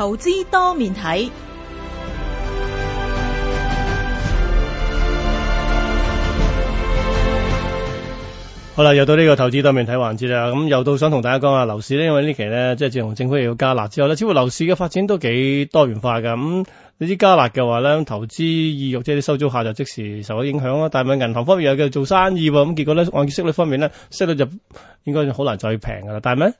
投資多面睇，好啦，又到呢個投資多面睇環節啦。咁又到想同大家講下樓市呢，因為呢期呢，即係自從政府又要加辣之後呢，似乎樓市嘅發展都幾多元化噶。咁、嗯、你知加辣嘅話呢，投資意欲即係啲收租客就即時受咗影響啦。但係咪銀行方面又叫做生意咁？結果呢，按息率方面呢，息率就應該好難再平噶啦。但係咩？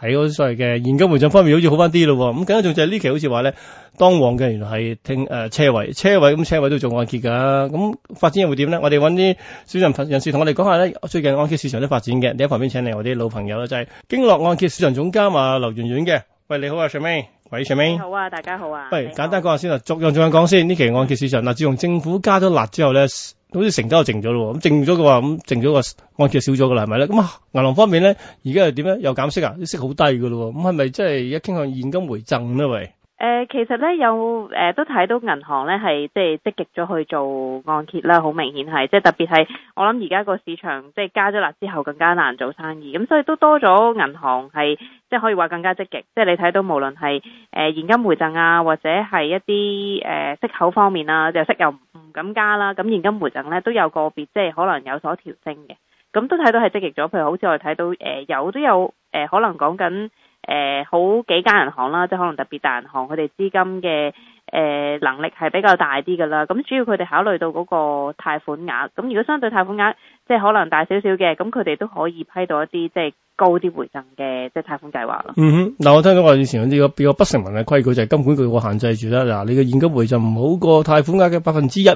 喺嗰所謂嘅現金回贈方面好似好翻啲咯，咁更一仲就係呢期好似話咧當往嘅原來係聽誒、呃、車位車位咁車位都做按揭噶，咁發展又會點咧？我哋揾啲市場人士同我哋講下咧最近按揭市場都發展嘅，你喺旁邊請嚟我啲老朋友啦，就係經樂按揭市場總監啊劉媛媛嘅。喂，你好啊，徐 May，喂，徐 m a 好啊，大家好啊。喂，簡單講下先啊，作用仲有講先呢期按揭市場嗱自從政府加咗辣之後咧。好似成交就淨咗咯，咁淨咗嘅話，咁淨咗個按揭少咗噶啦，係咪咧？咁銀行方面咧，而家又點咧？又減息啊？啲息好低噶咯，咁係咪即係而家傾向現金回贈咧？喂？誒、呃、其實咧有誒、呃、都睇到銀行咧係即係積極咗去做按揭啦，好明顯係即係特別係我諗而家個市場即係、就是、加咗辣之後更加難做生意，咁所以都多咗銀行係即係可以話更加積極，即、就、係、是、你睇到無論係誒、呃、現金回贈啊，或者係一啲誒、呃、息口方面啊，就息又唔敢加啦，咁現金回贈咧都有個別即係、就是、可能有所調升嘅，咁都睇到係積極咗，譬如好似我哋睇到誒有、呃、都有誒、呃、可能講緊。誒、呃，好幾間銀行啦，即係可能特別大銀行，佢哋資金嘅誒、呃、能力係比較大啲噶啦。咁主要佢哋考慮到嗰個貸款額，咁如果相對貸款額即係可能大少少嘅，咁佢哋都可以批到一啲即係高啲回贈嘅即係貸款計劃啦。嗯哼，嗱我聽講話以前有啲個比較不成文嘅規矩就係，根本佢會限制住啦。嗱，你嘅現金回贈唔好過貸款額嘅百分之一。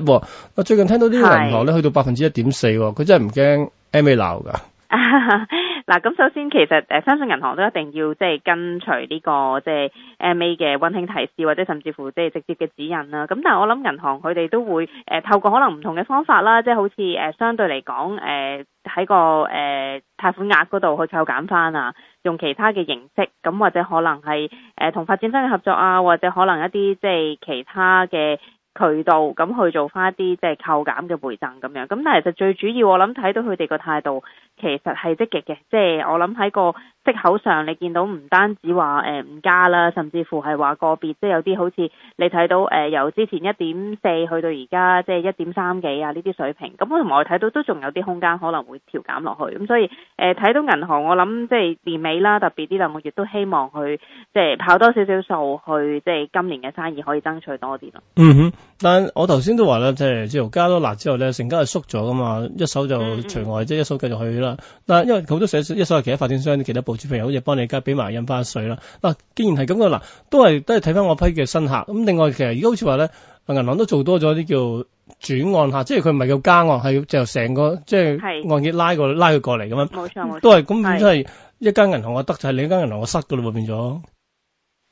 我最近聽到啲銀行咧去到百分之一點四，佢、啊、真係唔驚 MA 鬧噶。 嗱，咁首先其實誒，相信銀行都一定要即係跟隨呢個即係 MA 嘅溫馨提示，或者甚至乎即係直接嘅指引啦。咁但係我諗銀行佢哋都會誒透過可能唔同嘅方法啦，即係好似誒相對嚟講誒喺個誒貸款額嗰度去扣減翻啊，用其他嘅形式，咁或者可能係誒同發展商嘅合作啊，或者可能一啲即係其他嘅渠道咁去做翻一啲即係扣減嘅回贈咁樣。咁但係其實最主要我諗睇到佢哋個態度。其實係積極嘅，即係我諗喺個息口上，你見到唔單止話誒唔加啦，甚至乎係話個別即係有啲好似你睇到誒由之前一點四去到而家即係一點三幾啊呢啲水平，咁同埋睇到都仲有啲空間可能會調減落去，咁所以誒睇到銀行我諗即係年尾啦，特別啲兩個月都希望去即係跑多少少數去即係今年嘅生意可以爭取多啲咯。嗯哼，但我頭先都話啦，即係自後加多辣之後咧，成交係縮咗㗎嘛，一手就除外，即、嗯、係一手繼續去啦。嗱，因為好多寫一所有其他發展商其他補貼費，好似幫你加俾埋印花稅啦。嗱、啊，既然係咁嘅啦，都係都係睇翻我批嘅新客。咁另外其實而家好似話咧，銀行都做多咗啲叫轉按客，即係佢唔係叫加按係就成個即係按揭拉過拉佢過嚟咁樣。冇錯都係咁即咗係一間銀行我得，就係、是、另一間銀行我失嘅咯喎變咗。誒、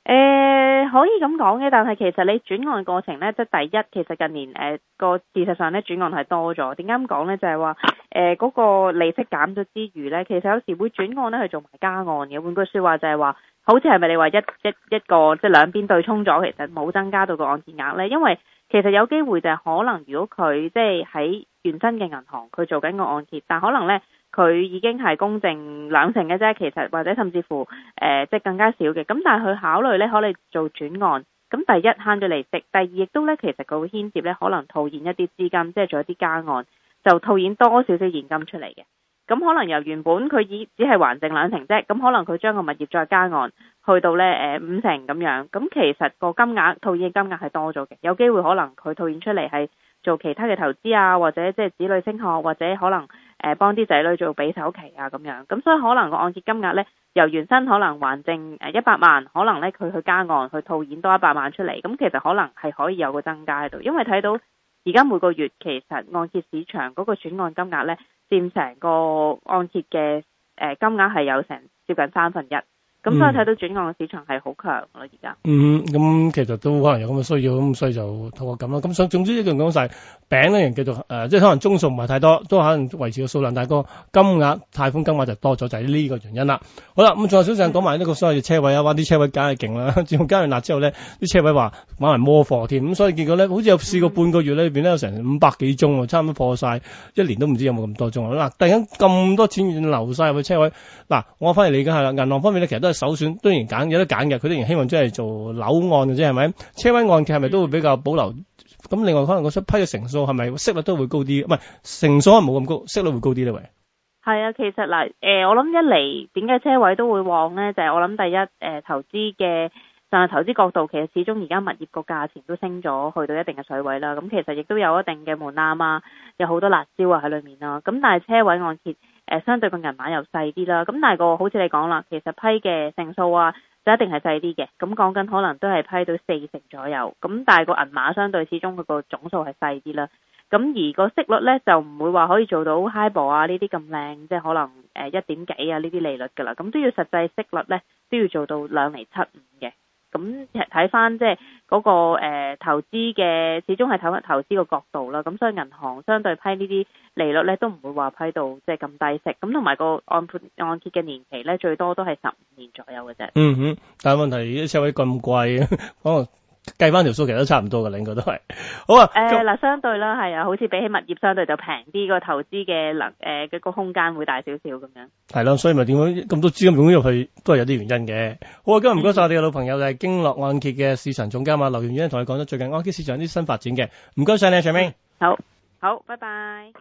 欸。可以咁講嘅，但係其實你轉案過程呢，即係第一，其實近年誒個、呃、事實上呢轉案係多咗。點解咁講呢？就係話誒嗰個利息減咗之餘呢，其實有時會轉案呢去做埋加案嘅。換句説話就係話，好似係咪你話一一一個即係兩邊對沖咗，其實冇增加到個按揭額呢？因為其實有機會就係可能，如果佢即係喺原身嘅銀行佢做緊個按揭，但可能呢。佢已經係供淨兩成嘅啫，其實或者甚至乎誒、呃、即係更加少嘅。咁但係佢考慮呢，可能做轉按。咁第一慳咗利息，第二亦都呢，其實佢會牽涉呢，可能套現一啲資金，即係做一啲加按，就套現多少少現金出嚟嘅。咁可能由原本佢已只係還剩兩成啫，咁可能佢將個物業再加按去到呢，誒、呃、五成咁樣。咁其實個金額套現金額係多咗嘅。有機會可能佢套現出嚟係。做其他嘅投資啊，或者即係子女升學，或者可能誒、呃、幫啲仔女做俾首期啊咁樣，咁所以可能個按揭金額呢，由原身可能還剩誒一百萬，可能呢，佢去加按去套現多一百萬出嚟，咁其實可能係可以有個增加喺度，因為睇到而家每個月其實按揭市場嗰個轉按金額呢，佔成個按揭嘅誒、呃、金額係有成接近三分一。咁所以睇到轉按嘅市場係好強咯，而家嗯，咁、嗯嗯嗯嗯、其實都可能有咁嘅需要，咁所以就透過咁啦。咁所總之一樣講晒，餅咧，人繼續誒，即係可能宗數唔係太多，都可能維持個數量，但係個金額貸款金額就多咗，就係、是、呢個原因啦。好啦，咁、嗯、仲有小上講埋呢個所謂嘅車位、嗯、啊，玩啲車位梗係勁啦。自從加完辣之後呢啲車位話買埋摩貨添，咁所以結果呢，好似有試過半個月咧，裏邊咧有成五百幾宗，差唔多破晒，一年都唔知有冇咁多宗。嗱、啊，突然間咁多錢流晒入去車位，嗱、啊，我翻嚟理解係啦，銀行方面咧其實都係。首選當然揀有得揀嘅，佢當然希望出嚟做樓按，嘅啫，係咪？車位按揭係咪都會比較保留？咁另外可能嗰批嘅成數係咪息率都會高啲？唔係成數係冇咁高，息率會高啲呢？喂，係啊，其實嗱，誒、呃，我諗一嚟點解車位都會旺咧？就係、是，我諗第一，誒、呃，投資嘅，但係投資角度，其實始終而家物業個價錢都升咗，去到一定嘅水位啦。咁其實亦都有一定嘅門檻啊，有好多辣椒喺、啊、裏面啦。咁但係車位按揭。誒相對個銀碼又細啲啦，咁但係個好似你講啦，其實批嘅成數啊，就一定係細啲嘅。咁講緊可能都係批到四成左右，咁但係個銀碼相對始終佢個總數係細啲啦。咁而個息率呢，就唔會話可以做到 highball 啊呢啲咁靚，即係可能誒一點幾啊呢啲利率㗎啦。咁都要實際息率呢，都要做到兩厘七五嘅。咁睇翻即係嗰個誒投資嘅，始終係睇翻投資嘅角度啦。咁所以銀行相對批呢啲利率咧，都唔會話批到即係咁低息。咁同埋個按盤按揭嘅年期咧，最多都係十五年左右嘅啫。嗯哼，但係問題啲車位咁貴啊！哦。計翻條數其實都差唔多嘅，應該都係。好啊，誒、呃、嗱，相對啦，係啊，好似比起物業，相對就平啲個投資嘅能誒、呃、個空間會大少少咁樣。係啦、啊，所以咪點解咁多資金湧入去都係有啲原因嘅。好啊，今日唔該晒我哋嘅老朋友就係經絡按揭嘅市場總監啊，劉圓圓同你講咗最近按揭市場啲新發展嘅。唔該晒你，長、嗯、明、啊、好，好，好，拜拜。